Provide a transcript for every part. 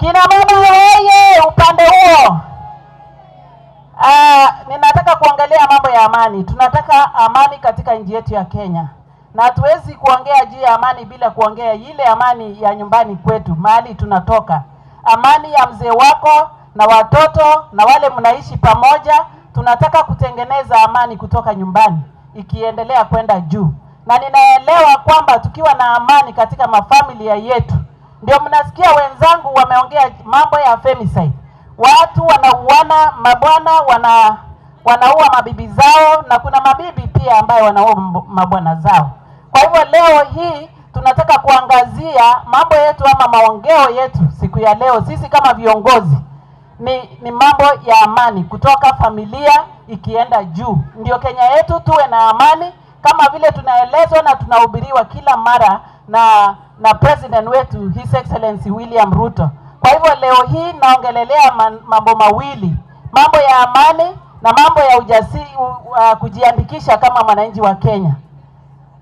Kina mama yeye Upande huo aa, ah, ninataka kuongelea mambo ya amani. Tunataka amani katika nchi yetu ya Kenya, na hatuwezi kuongea juu ya amani bila kuongea ile amani ya nyumbani kwetu, mahali tunatoka, amani ya mzee wako na watoto na wale mnaishi pamoja. Tunataka kutengeneza amani kutoka nyumbani ikiendelea kwenda juu, na ninaelewa kwamba tukiwa na amani katika mafamilia yetu ndio mnasikia wenzangu wameongea mambo ya femicide, watu wanauana, mabwana wana wanaua mabibi zao, na kuna mabibi pia ambayo wanaua mabwana zao. Kwa hivyo leo hii tunataka kuangazia mambo yetu ama maongeo yetu siku ya leo sisi kama viongozi ni, ni mambo ya amani kutoka familia ikienda juu, ndio Kenya yetu tuwe na amani kama vile tunaelezwa na tunahubiriwa kila mara na na president wetu His Excellency William Ruto. Kwa hivyo leo hii naongelelea mambo mawili, mambo ya amani na mambo ya ujasiri, uh, kujiandikisha kama mwananchi wa Kenya.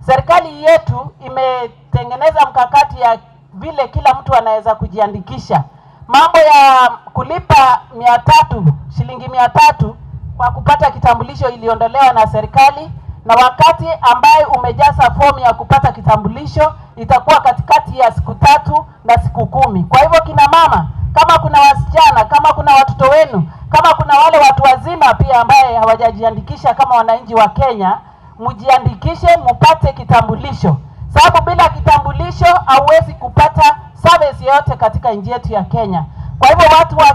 Serikali yetu imetengeneza mkakati ya vile kila mtu anaweza kujiandikisha, mambo ya kulipa mia tatu shilingi mia tatu kwa kupata kitambulisho iliondolewa na serikali na wakati ambaye umejaza fomu ya kupata kitambulisho itakuwa katikati ya siku tatu na siku kumi. Kwa hivyo kina mama, kama kuna wasichana, kama kuna watoto wenu, kama kuna wale watu wazima pia ambaye hawajajiandikisha kama wananchi wa Kenya, mjiandikishe mupate kitambulisho, sababu bila kitambulisho hauwezi kupata service yoyote katika nchi yetu ya Kenya. Kwa hivyo watu wa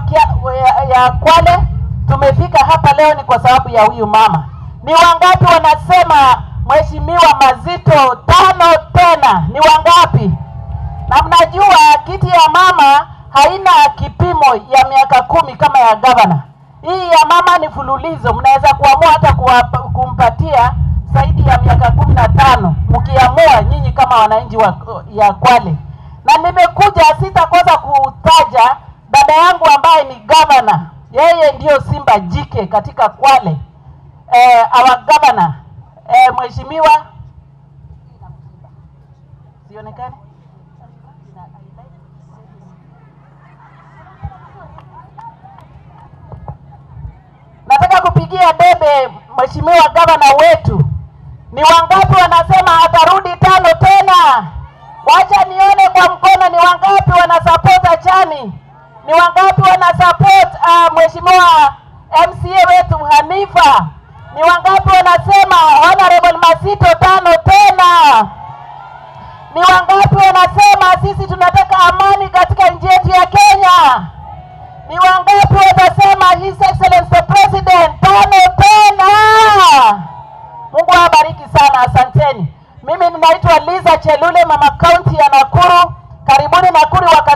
ya, ya Kwale tumefika hapa leo ni kwa sababu ya huyu mama. Ni wangapi wanasema Mheshimiwa Mazito tano tena? Ni wangapi? Na mnajua kiti ya mama haina kipimo ya miaka kumi kama ya gavana. Hii ya mama ni fululizo, mnaweza kuamua hata kumpatia zaidi ya miaka kumi na tano mkiamua nyinyi kama wananchi wa ya Kwale. Na nimekuja sitakosa kutaja dada yangu ambaye ni gavana, yeye ndiyo simba jike katika Kwale eh, our governor eh, mheshimiwa sionekane nataka kupigia debe mheshimiwa gavana wetu. Ni wangapi wanasema atarudi tano tena? Wacha nione kwa mkono, ni wangapi wanasapoti Achani? Ni wangapi wanasapoti uh, ah, mheshimiwa MCA wetu Hanifa? Ni wangapi wanasema Honorable Masito tano tena? Ni wangapi wanasema sisi tunataka amani katika nchi yetu ya Kenya? Ni wangapi watasema His Excellency the President tano tena? Mungu awabariki sana, asanteni. Mimi ninaitwa Liza Chelule, mama kaunti ya Nakuru. Karibuni Nakuru.